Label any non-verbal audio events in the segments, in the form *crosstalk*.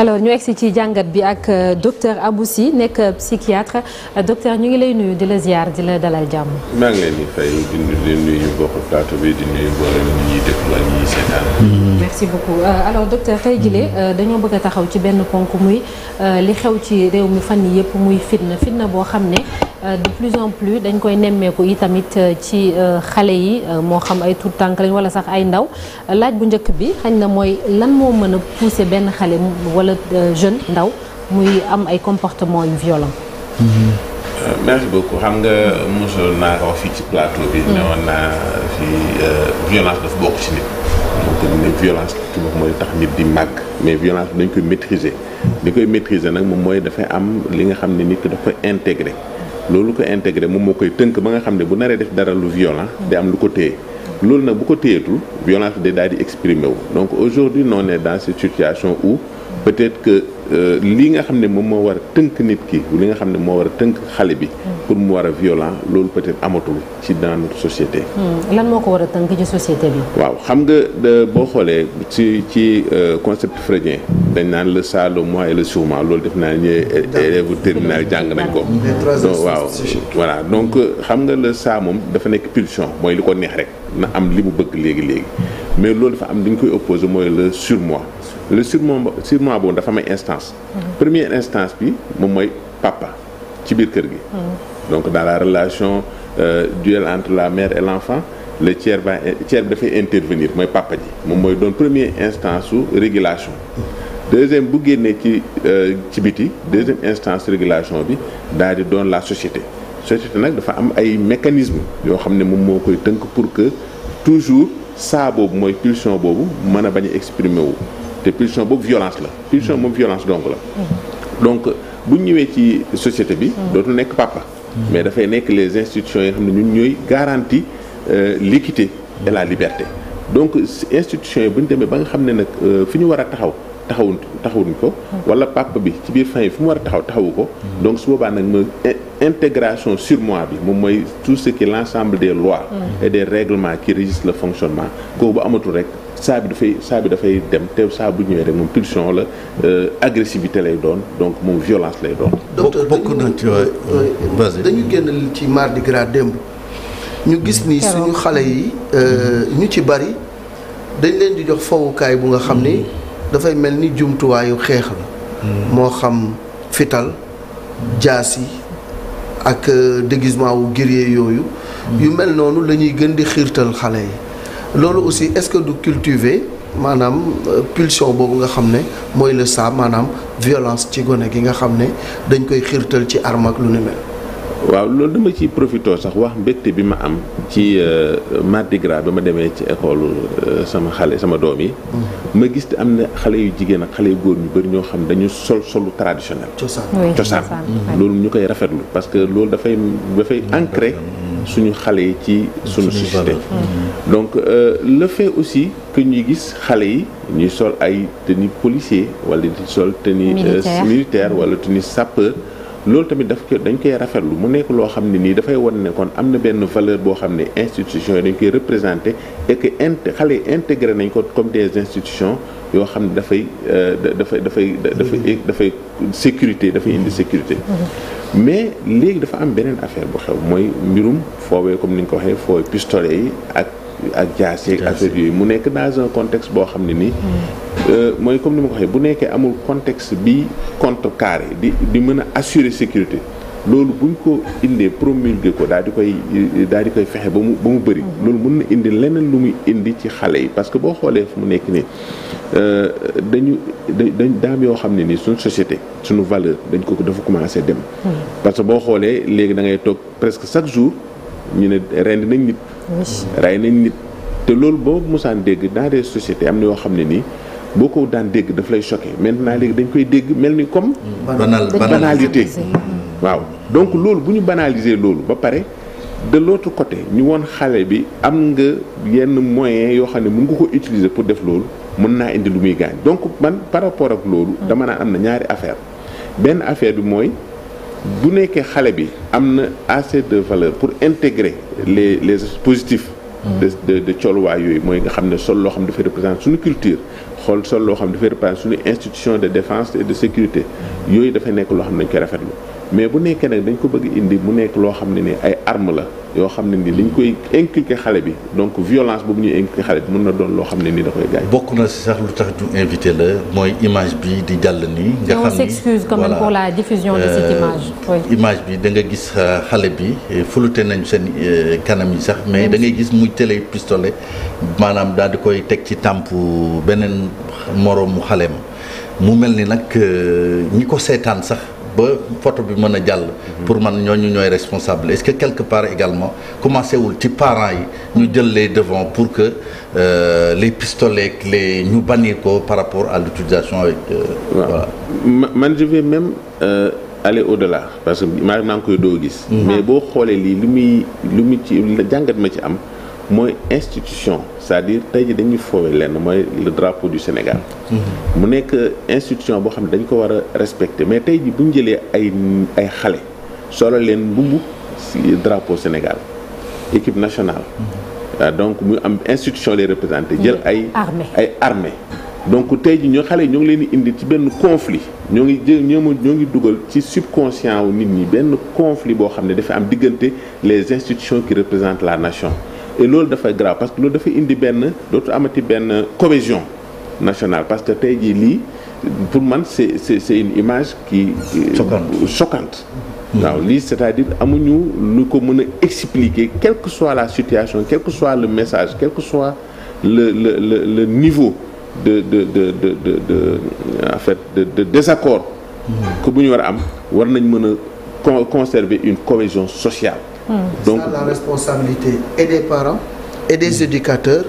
alors ñu egsi ci jàngat bi ak euh, docteur Abou Sy nekk psychiatre euh, docteur ñu ngi lay nuyu di la ziar di la dalal jàmm. maa ngi leen di fay di nuyu mbokku plateau bi di nuyu mboolem ñi ñuy déglu ak ñi seetaan. Hmm. merci beaucoup euh, alors docteur tey jile hmm. dañoo bëgg a taxaw ci benn ponk muy li xew ci réew mi fan yii yëpp muy fitna fitna boo xam ne. Euh, de plus en plus dañ koy nemmeeku yi tamit euh, ci euh, xale yi moo xam ay tuut tànk lañ wala sax ay ndaw laaj bu njëkk bi xañ na mooy lan moo mën a pousser benn xale wala jeune ndaw muy am ay comportement yu mm-hmm. ko wax fii mm-hmm. fii violence dafa bokk ci nit donc ni tax nit di màgg mais violence dañ koy maîtriser li koy maîtriser nag moom mooy dafay am li nga xam ne nit ki dafa intégré loolu ko intégré moom moo koy tënk ba nga xam ne bu naree def dara lu violent day am lu ko téye loolu nag bu ko téyetul violence bi day daal di exprimer wu donc aujourd'hui on est dans cette situation où peut-être que Euh, lii nga xam ne moom moo war a tënk nit ki li nga xam ne moo war a tënk xale bi. Hmm. pour mu war a violent loolu peut-être amatul ci dans société. Hmm. lan moo ko war a tënk ci société bi. waaw xam nga boo xoolee ci ci euh, concept freudien dañ naan le ça le moi et le sûrement loolu def naa ne élève terminal jàng nañ ko. waaw voilà donc xam nga le saa moom dafa nekk pulsion mooy li ko neex rek na am li mu bëgg léegi léegi mais loolu dafa am duñ ñu koy opposé mooy le surmoi. le surmoi surmoi boobu dafa may ay instance mhm. première instance bi moom mooy pappa ci biir kër gi mhm. donc dans la relation euh, duel entre la mère et l'enfant le tiers va euh, bi dafay intervenir mooy pappa ji moom mooy doon première instance su régulation deuxième bu génnee ci euh, ci biti deuxième instance régulation bi daal di doon la société société nag dafa am ay mécanisme yoo xam ne moom moo koy tënk pour que toujours saa boobu mooy pulsion boobu mën a bañ a wu te pulsion boobu violence la pulsion moom violence donc la donc bu ñëwee ci société bi dootul nekk papa mais dafay nekk les institutions yoo xam ne ñun ñooy garantie euh, l'équité et la liberté donc institutions yi bu ñu demee ba nga xam ne nag euh, fi ñu war a taxaw taxawuñ taxawuñ ko wala papa bi ci biir famille fu mu war a taxaw taxawu ko donc su boobaa nag ma intégration sur bi moom mooy tout ce qui l'ensemble des lois et des règlements qui la le fonctionnement amatul rek saa bi dafay saa bi dafay dem te saa bu ñëwee rek moom pulsion la euh, agressivité lay doon donc moom violence lay doon. donc bokk na ci waay dañu génn ci mardi gras démb. ñu gis ni suñu xale yi euh, ñu ci bari dañ leen di jox fowukaay bu nga xam ni mm. dafay mel ni jumtuwaayu xeex la. Mm. moo xam fital jaas yi ak euh, déguisement wu guerrier yooyu. Mm. yu mel noonu la ñuy gën di xiirtal xale yi. loolu aussi est-ce que du cultiver maanaam euh, pulsion boobu nga xam ne mooy le ça maanaam violence ci gone gi nga xam ne dañ koy xiirtal ci arme lu ne mel. waaw loolu dama ciy profitoo sax wax mbégte bi ma am ci euh, Mardi Gras ba ma demee ci école euh, sama xale sama doom yi. Mm-hmm. ma gis te am ne xale yu jigéen ak xale yu góor ñu bëri ñoo xam dañu sol solu traditionnel. cosaan cosaan loolu ñu koy rafet rafetlu parce que loolu dafay dafay mm-hmm. ancré. Mm-hmm. suñu xale yi ci suñu société mm-hmm. donc euh, le fait aussi que ñuy gis xale yi ñuy sol ay tenue policier wala di sol tenue euh, militaire wala tenue sapeur loolu tamit daf ko dañ koy rafetlu mu nekk loo xam ne nii dafay wan nekkoon am na benn valeur boo xam ne institution dañ koy représenté et que xale yi intégré nañ ko comme des institutions yoo xam ne dafay euh, dafay dafay dafay dafay sécurité dafay indi sécurité mm-hmm. mais léegi dafa am beneen affaire bu xew mooy mbirum foowee comme ni nga ko waxee foo pistolet yi ak ak jaas yeeg affaire yooyu mu nekk dans un contexte boo xam ne nii mm. euh, mooy comme ni ma ko waxee bu nekkee amul contexte bi contrecarré di di mën a assurer sécurité loolu buñ ko indee promulgué ko daal di koy daal di koy fexe ba mu ba mu bëri. Mm-hmm. loolu mun na indi leneen lu muy indi ci xale yi parce que boo xoolee fu mu nekk nii euh, dañu dañ daam yoo xam ne nii suñu société suñu valeur dañ ko dafa commencé dem. Mm-hmm. parce que boo xoolee léegi da ngay toog presque chaque jour ñu ne rend nañ nit. rey nañ nit te loolu boo mosaan dégg dans des am na yoo xam ne nii. boo ko daan dégg daf lay choqué maintenant léegi dañ koy dégg mel ni comme. banal banalité waaw donc loolu bu ñu banaliser loolu ba pare de l'autre côté ñu woon xale bi am nga yenn moyen yoo xam ne mën nga ko utiliser pour def loolu mën naa indi lu muy gaañ donc man par rapport ak loolu. Mm. dama naan am na ñaari affaire benn affaire bi mooy bu nekkee xale bi am na assez de valeur pour intégrer les les positifs. Mm. de de de colwaay yooyu mooy nga xam ne sol loo xam dafay représenter suñu culture. xool sol loo xam dafay représenter suñu institution de défense et de sécurité mm. yooyu dafay nekk loo xam ne dañ koy rafetlu. mais bu nekkee nag dañ ko bëgg indi mu nekk loo xam ne ni ay arme la yoo xam ne ni dañ koy inculquer xale bi donc violence boobu ñuy inculquer xale bi mën na doon loo xam ne ni da koy bokk na si sax lu tax ñu invité la mooy image bi di jàll ni on s'excuse quand même pour la diffusion de cette euh, image. image bi danga nga gis euh, xale bi euh, fulute nañ seen kanam yi sax mais dangay gis muy télé pistolet maanaam daal di koy teg ci tàmp beneen moroomu xale ma mu mel ni nag ñi ko seetaan sax. ba photo bi mën a jàll. Mhm. pour man ñooñu ñooy responsable est-ce que quelque part également commencé wul ci parents yi ñu jël les devants pour que euh, les pistolets les ñu bannir ko par rapport à l'utilisation avec. Euh, man je vais même euh, aller au-delà parce que maa ngi koy doo gis. Mhm. mais boo xoolee lii lu muy lu mu ci jàngat ma ci am. mooy institution c'est-à-dire tey ji dañuy foowee lenn mooy le drapeau du Sénégal. mu nekk institution boo xam ne dañ ko war a respecter mais tey ji bu ñu jëlee ay ay xale solo leen mbubu si drapeau Sénégal équipe nationale. Mm-hmm. Ah, donc muy am institution les représenter jël ay ay armée donc tey ji ñoo xale ñoo ngi leen di indi ci benn conflit ñoo ngi jël ñoo ngi dugal ci subconscient wu nit ñi benn conflit boo xam ne dafa am diggante les institutions qui représente la nation et loolu dafa grave parce que loolu dafa indi benn dootu amati benn cohésion nationale parce que tey jii lii pour man c'est c'est c'est une image qui choquante mmh. waaw lii c'est-à-dire amuñu lu ko mën a expliquer quelle que soit la situation quel que soit le message quel que soit le le le le niveau de de de de de de de de désaccord mmh. que bu ñu war a am war nañ mën a conserver une cohésion sociale Hmm. donc ça, responsabilité et des parents et des hmm. éducateurs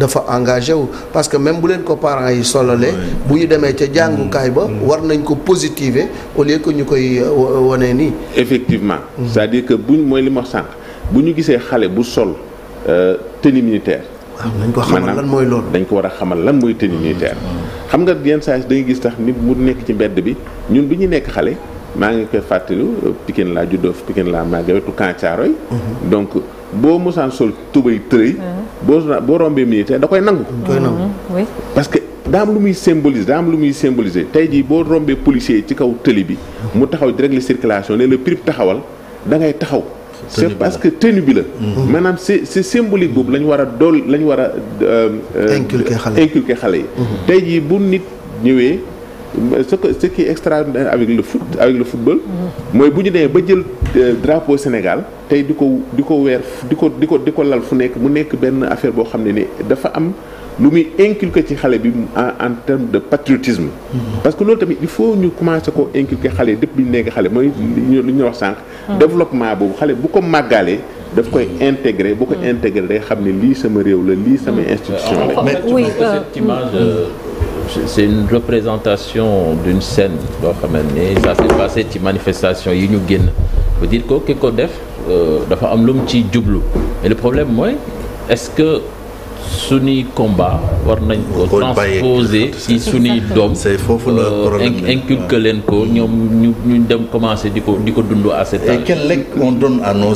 dafa engagé wu parce que même bu leen ko parents yi sololee bu ñu demee ca jàngukaay ba hmm. war nañ ko positiver au lieu que ñu koy euh, wone nii effectivement c'est-à-dire que buñ mooy li ma sànq bu ñu gisee xale bu sol euh, tenue militaire waaw dañ ko xamal lan mooy loolu dañ ko war a xamal lan mooy tenue militaire xam nga yenn saa yi da nga gis tax nit mu nekk ci mbedd bi ñun bi ñu nekk xale maa ngi koy fàttali Pikine laa juddoo Pikine laa màggee wetu Camp Thiaroye mhm. donc boo mosaan sol tubay tërëy mhm. boo boo rombee militaire da koy nangu mhm. parce que daa lu muy symboliser daa am lu muy symboliser tey jii boo rombee policier ci kaw tëli bi mu taxaw di régler circulation ne la prip taxawal dangay taxaw c'est parce que tenue bi la maanaam c'est c'est symbolique boobu lañu ñu war a dool la ñu war a euh, euh, inculquer xale yi tey jii bu nit ñëwee ce que ce qui est extraordinaire avec le foot avec le football. mooy bu ñu demee ba jël euh, drapeau Sénégal tey di ko di ko weer di ko di ko di lal fu nekk mu nekk benn affaire boo xam ne ni dafa am lu muy inculquer ci xale bi en en terme de patriotisme. parce que loolu tamit il faut ñu commencer ko inculquer xale depuis ñu nekk xale mooy lu ñu wax sànq. Hmm. développement boobu xale bu ko màggaalee. daf koy intégré bu ko hmm. intégré day xam ne lii sama réew la lii sama hmm. institution la. Euh, c'est une représentation d'une scène boo xamante ni ça s'est passé ci manifestation yi ñu génn peut dire que ki ko def euh, dafa am lu mu ci jublu mais le problème mooy est-ce que suñuy combat war nañ ko transposer ci suñuy doom *laughs* foofu la euh, problème inculque leen ko ñoom ñu dem commencer di ko di ko dund à cet âge et quel legs on donne à nos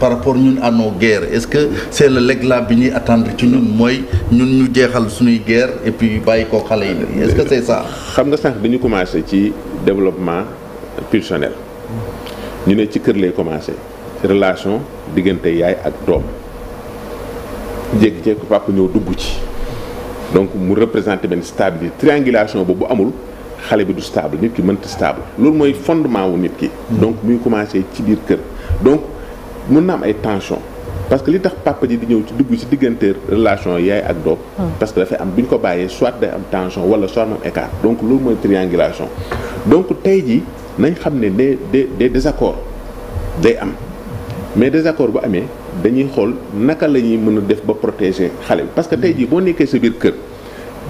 par rapport ñun à nos est-ce que c'est le legs bi ñuy attendre ci ñun mooy ñun ñu jeexal suñuy guerre et puis bàyyi ko xale yi est-ce que c'est ça xam nga sànq bi ñu commencé ci développement pulsionnel ñu ne ci kër lay commencé relation diggante yaay ak doom jékki-jékki papa ñëw dugg ci donc mu représenté benn stabilité triangulation boobu amul xale bi du stable nit ki mënt stable loolu mooy fondement wu nit ki. donc muy commencé ci biir kër. donc mun na ay tension parce que li tax papa ji di ñëw ci dugg ci diggante relation yaay ak doom. Hmm. parce que dafay am bu ñu ko bàyyee soit day am tension wala soit moom écart donc loolu mooy triangulation donc tey ji nañ xam ne des des des désaccords day am. mais désaccord bu amee dañuy xool naka la ñuy mën a def ba protéger xale bi parce que tey jii boo nekkee sa biir kër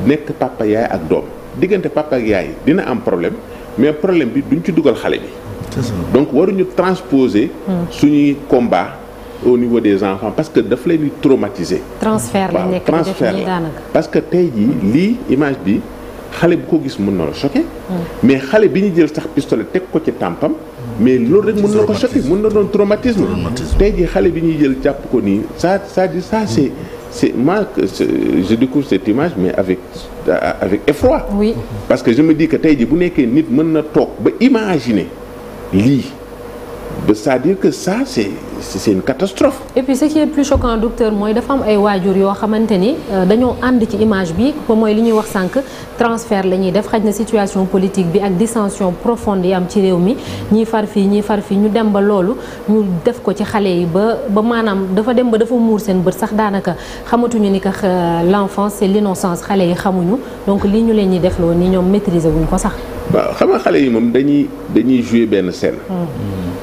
nekk papa yaay ak doom diggante papa ak yaay dina am problème mais problème bi duñ ci dugal xale bi. donc waruñu transposer. Hmm. suñuy combat au niveau des enfants parce que daf leen di traumatiser. transfert la nekk transfert la parce que tey jii lii image bi xale bu ko gis mën na la choqué. Hmm. mais xale bi ñu jël sax pistolet teg ko ci tàmpam. mais loolu rek mun na ko choqué mën na doon traumatisme tey jii xale bi ñuy jël jàpp ko nii ça ça dit ça hmm. c'est c'est moi je découvre cette image mais avec avec effroi parce que je me dis que tey jii bu nekkee nit mën na toog ba imaginer lii c'est-à-dire que ça c'est c'est une catastrophe. et puis ce qui plus choquant docteur mooy dafa am ay waajur yoo xamante ni euh, dañoo ànd ci image bi moom mooy li ñuy wax sànq transfert la ñuy def xaj na situation politique bi ak dissension profonde yi am ci réew mi ñii far fii ñii far fii ñu dem ba loolu ñu def ko ci xale yi ba ba maanaam dafa dem ba dafa muur seen bët sax daanaka xamatuñu ni que euh, l'enfance c'est l'innocence xale yi xamuñu donc lii ñu leen ñuy defloo ni ñoom maîtriser wuñ ko sax. waaw xam nga xale yi moom dañuy dañuy jouer benn scène. Hmm.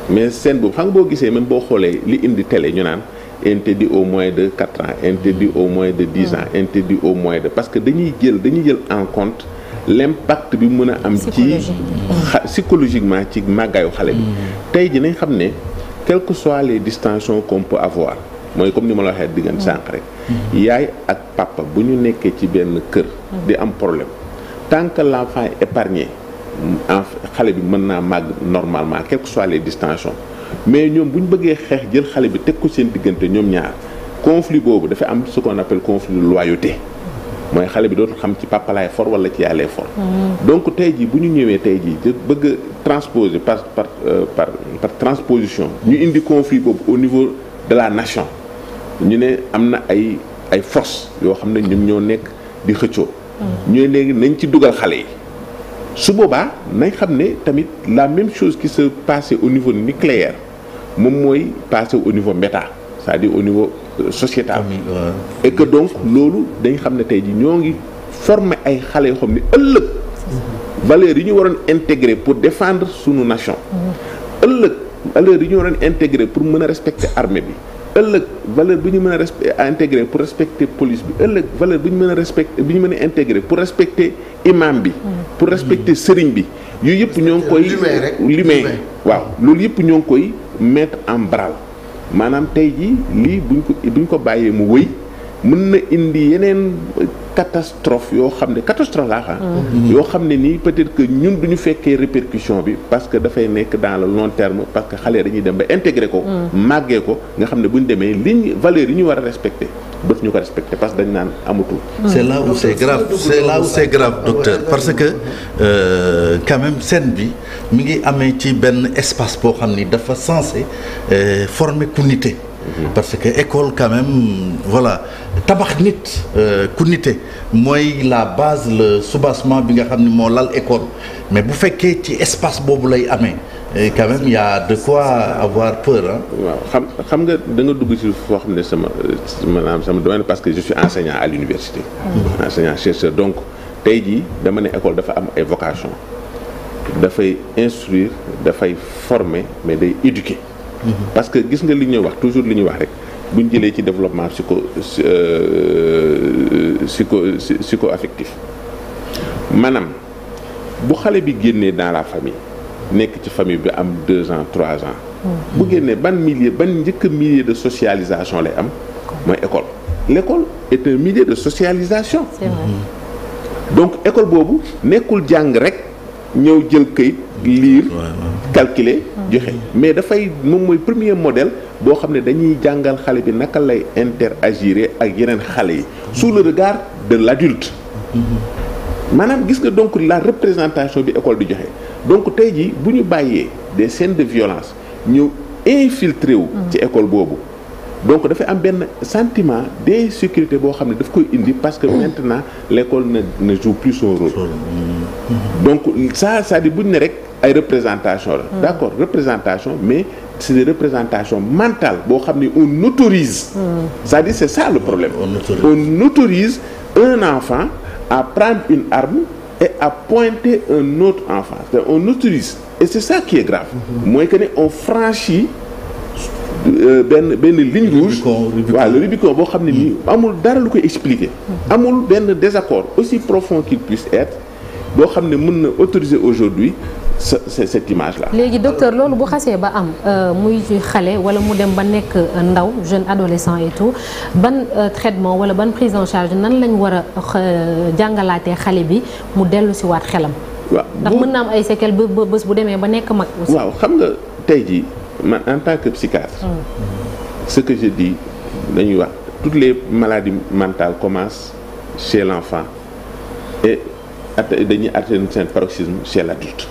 mais scène boobu xam nga boo gisee même boo xoolee li indi télé ñu naan interdit au moins de 4 ans interdit au moins de 10 hmm. ans interdit au mois de parce que dañuy jël dañuy jël en compte l'impact bi mën a am ci psychologiquement ci màggaayu xale bi hmm. tey ji nañ xam ne quelque que les distensions qu'on peut avoir mooy comme ni ma la waxee diggante sànq rek yaay ak papa bu ñu nekkee ci benn kër di am problème tant que l'enfant est épargné en xale bi mën naa màgg normalement quelles que les distensions mais ñoom bu ñu bëggee xeex jël xale bi teg ko seen diggante ñoom ñaar conflit boobu dafa am ce qu'on appelle conflit de loyauté mooy xale bi dootul xam ci papa laay for wala ci yàlla for. Mm-hmm. donc tey jii bu ñu ñëwee tey jii bëgg a transposer par par euh, par par transposition. ñu indi conflit boobu au niveau de la nation ñu ne am na ay ay force yoo xam ne ñoom ñoo nekk di xëccoo. Mm-hmm. ñooy léegi nañ ci dugal xale yi. su boobaa nañ xam ne tamit la même chose qui se passait au niveau nucléaire moom mooy passé au niveau méta c'est-à-dire au niveau euh, sociétal et que donc loolu dañ xam ne tey ji ñoo ngi forme ay xale yoo xam ne ëllëg valeurs yi ñu waroon intégré pour défendre sunu nation mm-hmm. ëllëg valeurs yi ñu waroon intégrer pour mën a respecter armée bi ëllëg valeur bu ñu mën a intégré pour respecter police bi ëllëg valeur bu ñu mën a respecté bu ñu mën a intégré pour respecter imam bi. pour respecter sëriñ bi. yooyu yëpp ñoo ngi koy limee waaw loolu yëpp ñoo ngi koy mettre en branle maanaam tey jii lii buñ ko buñ ko bàyyee mu wëy. mën na indi yeneen catastrophe yoo xam ne catastrophe laa xam mm-hmm. yoo xam ne nii peut-être que ñun du ñu fekkee répercussion bi parce que dafay nekk dans le long terme parce que xale dañuy dem ba intégré ko mm. màggee ko nga xam ne buñ demee liñ valeur yu ñu war a respecté dootuñu ko respecté parce que dañ naan amatul mm. c'est là où c'est grave c'est là où c'est grave docteur parce que euh, quand même scène bi mi ngi amee ci benn espace boo xam ni dafa censé euh, former communauté parce que école quand voilà tabax nit euh, ku nite mooy la base la soubassement bi nga xam ne moo lal école mais bu fekkee ci espace boobu lay amee quand même de quoi avoir peur ah waaw xam xam nga da nga dugg si foo xam ne sama maanaam sama domaine parce que je suis enseignant à l'université mm-hmm. enseignant chercheur donc tey jii dama ne école dafa am ay vocation dafay instruire dafay former mais day éduquer parce que gis nga li ñuy wax toujours li ñuy wax rek bu ñu jëlee ci développement psycho si euh, psycho affectif maanaam bu xale bi génnee dans la famille nekk ci famille bi am 2 ans 3 ans. bu génnee ban milieu ban njëkk milieu de socialisation lay am. mooy école l'école est un milieu de socialisation. donc école boobu nekkul jàng rek ñëw jël këyit lire. calculer. joxe mais dafay moom mooy premier modèle boo xam ne dañuy jàngal xale bi naka lay interagir ak yeneen xale yi sous le regard de l'adulte maanaam gis nga donc laa représentation bi école di joxe donc tey jii bu ñu bàyyee des scènes de violence ñëw infiltré wu ci école boobu donc dafay am benn sentiment d'insécurité boo xam ne daf koy indi parce que maintenant l'école ne ne joue plus son rôle. Mmh. donc ça c'est-à-dire buñ ne rek ay représentation la. Mmh. d'accord représentation mais c'est des représentation mentales boo xam ne on autorise. c'est-à-dire mmh. c'est ça le problème. on autorise un enfant à prendre une arme et à pointer un autre enfant on autorise et c'est ça qui est grave. mooy que ne on franchit. Euh, benn benn ligne rouge waaw le Rubicon boo xam ne nii amul dara lu koy expliquer amul benn désaccord aussi profond qu'il puisse être boo xam ne mën na autoriser aujourd'hui sa cette image là. léegi docteur loolu bu xasee ba am euh, muy xale wala mu dem ba nekk ndaw jeune adolescent et tout ban euh, traitement wala ban prise en charge nan lañ war a jàngalaatee xale bi mu dellu si waat xelam. waaw ndax mën na am ay séquelles ba bés bu demee ba nekk mag. aussi waaw xam nga tey jii. man en tant que psychiatre. ce que je dis dañuy wax toutes les maladies mentales commencent chez l'enfant et dañuy atteindre seen paroxysme chez l'adulte.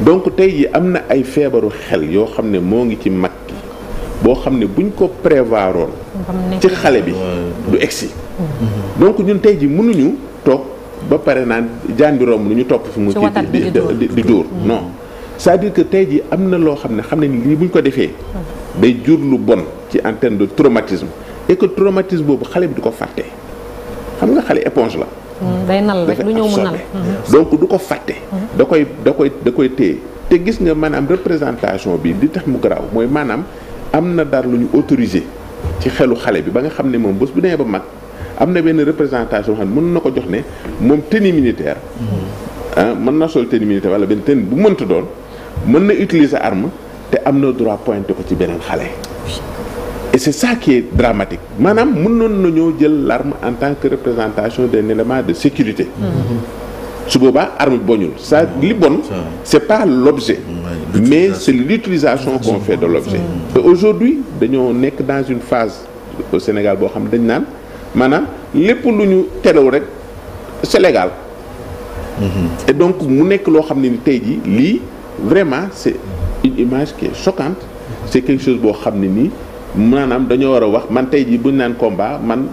donc tey ji am na ay feebaru xel yoo xam ne moo ngi ci mag ki boo xam ne buñ ko prévoiroon ci xale bi du egsi mm-hmm. donc ñun tey ji mënuñu toog ba pare naan jaan bi romb lu ñu topp fi mu kii di di dóor mm-hmm. non c'est-à-dire que tey jii am na loo xam ne xam ne lii bu ñu ko defee. day jur lu bon ci antenne terme de traumatisme et que traumatisme boobu xale bi du ko fàtte xam nga xale éponge la. Hmm, day nal rek du ñëw mu hmm. ko fàtte. Hmm. da koy da koy da koy téye te gis nga maanaam représentation bi di tax mu garaaw mooy maanaam am na dara lu ñu autorisé ci xelu xale bi ba nga xam ne moom bés nee ba mag am na benn représentation xam ne mën na ko jox ne moom tenue militaire. Ah, mën na sol tenue militaire wala benn tenue bu mënta doon. mën na utiliser arm te am na droit pointé ko ci beneen xale. et c' est ça qui est dramatique maanaam mënoon nañoo jël l'arme en tant que représentation de élément de sécurité. Mm-hmm. su boobaa arme boñul sa mm-hmm. li bon. c' est pas l' mais c' est l'utilisation qu'on fait de l' objet. Mm-hmm. te aujourd'hui dañoo nekk dans une phase au Sénégal boo xam dañ naan maanaam lépp lu ñu terew rek c'est et donc mu nekk loo xam ne ni tey jii lii. vraiment c' est une image qui est choquante c' est quelque chose boo xam ne nii maanaam dañoo war a wax man tey jii buñ naan combat man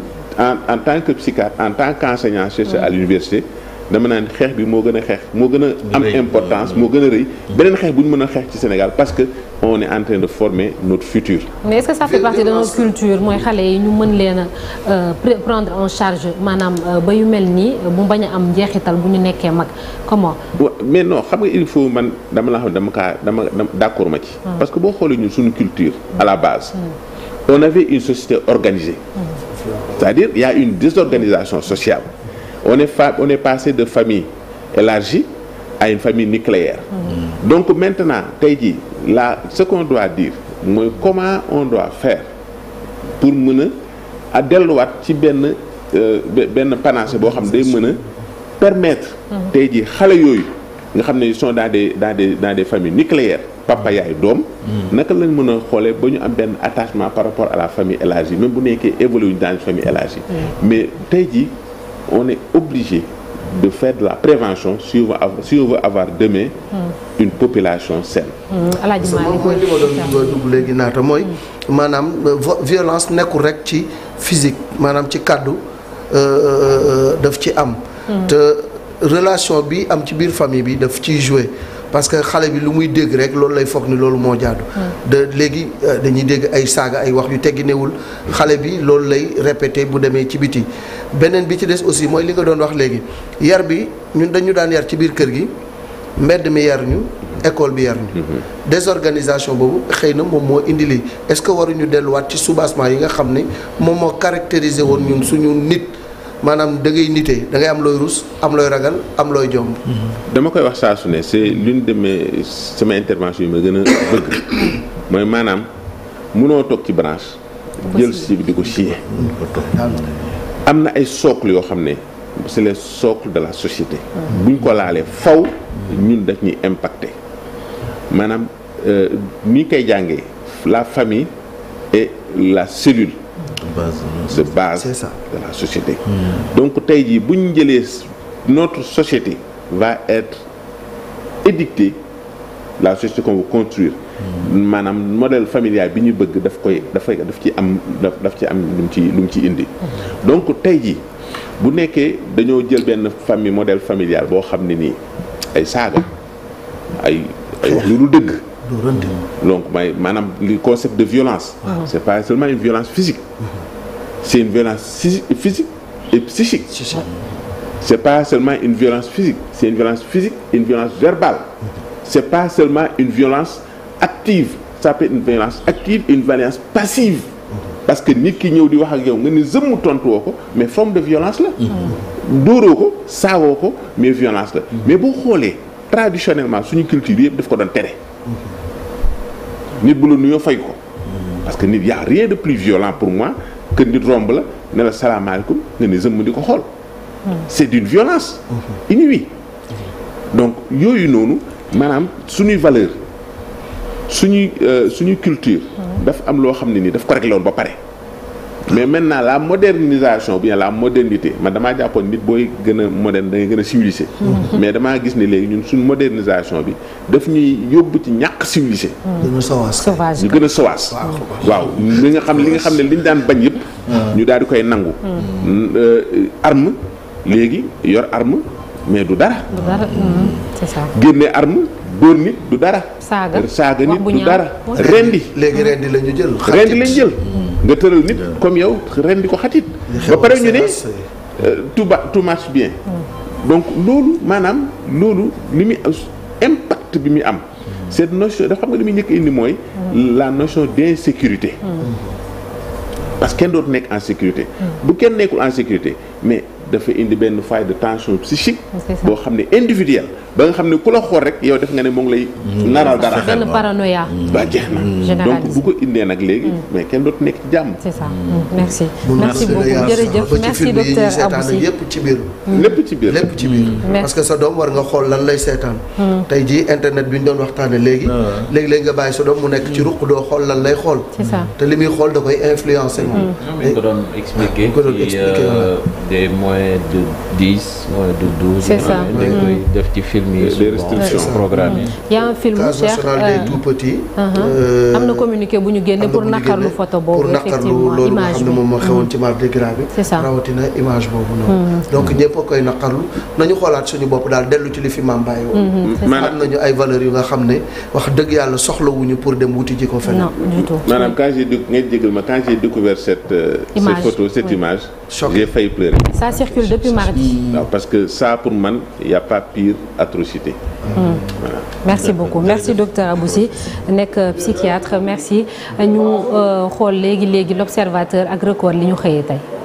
en en tant que psychiatre en tant qu'enseignant chercheur à l'université dama naan xeex bi moo gën a xeex moo gën a am importance moo gën a rëy beneen xeex bu ñu mën a xeex ci Sénégal parce que on est en de former notre futur. mais est-ce que ça fait partie de notre culture mooy xale yi ñu mën leen a euh, prendre en charge maanaam euh, ba yu mel nii bu bañ a am njeexital bu ñu nekkee mag comment. mais no xam nga il faut man dama la xam dama kaa dama d'accord ma ci. Hmm. parce que boo xoolee ñun suñu culture. à la base. Hmm. on avait une société organisée. Hmm. c'est-à-dire une désorganisation sociale. on est fa on est de famille élargie ay famille nucléaire. Mm. donc maintenant tey jii la ce qu'on doit dire mooy comment on doit faire pour mën a delluwaat ci benn euh, benn panacée boo xam ne day mën a permettre. Mm-hmm. tey jii xale yooyu nga xam ne ils sont dans des dans des dans des familles nucléaires. papa yaay doom. Mm. naka lañ mën a xoolee ba ñu am benn attachement par rapport à la famille élargie même bu nekkee évolué dans une famille élargie. Mm. mais tey jii on est obligé de faire de la prévention si on veut avoir, demain hmm. une population saine. Hmm. alaaji Malick mooy li doon dugg léegi naata mooy hmm. maanaam euh, violence nekkul rek ci physique maanaam ci kàddu euh, euh, daf ci am. te relation bi am ci biir famille bi daf ci jouer. parce que xale bi lu muy dégg rek loolu lay foog ni loolu moo jaadu. Hmm. de léegi euh, dañuy dégg ay saaga ay wax yu tegginewul xale bi loolu lay répété bu demee ci biti. beneen bi ci des aussi mooy li nga doon wax léegi yar bi ñun dañu daan yar ci biir kër gi mbedd mi yar ñu école bi yar ñu. Hmm. désorganisation boobu xëy na moom moo indi lii est-ce que waruñu delluwaat ci soubassement yi nga xam ne moom moo caractérisé woon ñun suñu nit. maanaam da ngay nite da am looy rus am looy ragal am looy jomb. dama koy wax saa su ne c'est l'une de mes sama intervention yi ma gën a bëgg mooy maanaam munoo toog ci branche. jël si bi di ko scier. am na ay socle yoo xam ne c'est les socles de la société. buñ ko laalee faw ñun daf ñuy impacter maanaam euh, ni ñu koy jàngee la famille et la cellule. de base de société hmm. donc tey jii bu jëlee notre société va être édictée la société qu'on veut construire hmm. maanaam modèle familial bi ñu bëgg daf koy dafay daf ci am daf ci am lu mu ci lu mu indi hmm. donc tey jii bu nekkee dañoo jël benn famille modèle familial boo xam ne nii ay saaga ay ay wax lu dul dëgg donc may maanaam li concept de violence mm-hmm. c'est pas seulement une violence physique c'est une violence physique et psychique c'est pas sellement une violence physique c'est une violence physique et une violence verbale mm-hmm. c'est pas seulement une violence active ça peut être une violence active et une violence passive mm-hmm. parce que nit ki ñëw di wax ak yow nga ni zëmm tontu woo ko mais forme de violence la dóoroo ko saawoo ko mais violence la mais boo xoolee traditionnellement suñu culture yëpp daf ko doon tere nit bu la nuyoo fay ko. parce que nit y a rien de plus violent pour moi que nit romb la ne la salaamaaleykum nga ne zëmm di ko xool. c'est d'une violence. inouïe. donc yooyu noonu maanaam suñuy valeur suñuy euh, suñuy culture. daf am loo xam ne nii daf ko réglé woon ba pare. mais maintenant la modernisation bien la modernité man damaa jàppoon nit booy gën a moderne da ngay gën a civilisé. Mhm. mais damaa gis ne léegi ñun suñ modernisation bi daf ñuy yóbbu ci ñàkk civilisé. Mhm. gën a ñu gën a sowaas. waaw li nga xam li nga xam ne li ñu daan bañ yëpp. Mhm. ñu daal di koy nangu. Euh, arme léegi yor arm mais du dara. du dara c'est génne arme. dóor nit du dara. saaga saaga nit du dara. rendi léegi rendi la jël. rendi la ñu jël. nga tëral nit comme yow ren ko xatit ba pare ñu ne euh, tout ba tout marche bien mm. donc loolu maanaam loolu li muy impact bi muy am mm. cette notion dafa xam nga li muy njëkk indi mooy mm. la notion d'insécurité parce que kenn dootu nekk en sécurité bu kenn nekkul en sécurité mais dafa indi benn faille de tension psychique. boo xam ne individuel ba nga xam ne ku la xool rek yow def nga ne mu ngi lay. naral dara xel benn paranoïa. Mm. ba jeex na donc bu ko indee nag léegi. Mm. mais kenn dootu nekk ci jàmm. c'est ça mm. merci. merci beaucoup jërëjëf merci ci biir. lépp ci biir parce que sa doom war nga xool lan lay seetaan. tey jii internet bi ñu doon waxtaanee léegi. léegi ah. léegi nga bàyyi sa doom mu nekk ci ruq doo xool lan lay xool. c'est ça te li muy xool da koy influencer. moom ko ko moyen de dix wala de douze. c'est ça dañ koy def ci film a un euh, uh-huh. euh, bu ñu génne pour naqarlu photo boobu. effectivement image bi pour naqarlu loolu nga xam ne moom moo xewoon mm. ci mardi gras bi. c'est ça rawatina mm. donc ñëpp koy naqarlu nañu xoolaat suñu bopp daal dellu ci li fi maam bàyyi woon. am nañu ay valeurs yu nga xam ne wax dëgg yàlla wuñu pour dem wuti ji ko feneen. non du tout maanaam quand j'ai ngeen jégal ma quand j'ai découvert cette euh, cette photo cette image. j'ai failli pleurer. circule depuis parce que ça pour man y a pas pire atrocité. Hmm. merci beaucoup merci docteur Aboussi nekk euh, psychiatre merci ñu euh, xool léegi léegi l'observateur ak record li ñu xëyee tey.